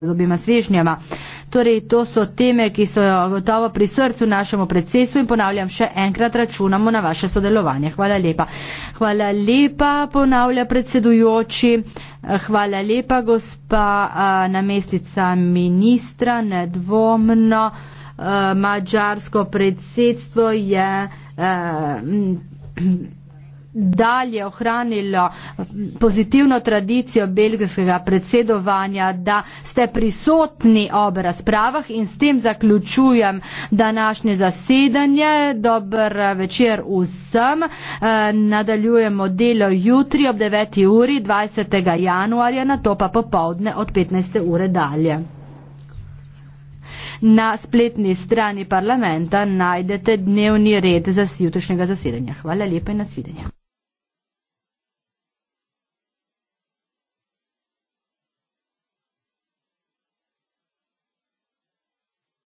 z obima svežnjama. Torej, to so teme, ki so gotovo pri srcu našemu predsesu in ponavljam, še enkrat računamo na vaše sodelovanje. Hvala lepa. Hvala lepa, ponavlja predsedujoči. Hvala lepa, gospa namestica ministra, nedvomno. Mačarsko predsedstvo je. Eh, dalje ohranilo pozitivno tradicijo belgijskega predsedovanja, da ste prisotni ob razpravah in s tem zaključujem današnje zasedanje. Dobr večer vsem. Eh, nadaljujemo delo jutri ob 9. uri 20. januarja, na to pa popovdne od 15. ure dalje. Na spletni strani parlamenta najdete dnevni red za jutrišnjega zasedanja. Hvala lepa in nasvidenja.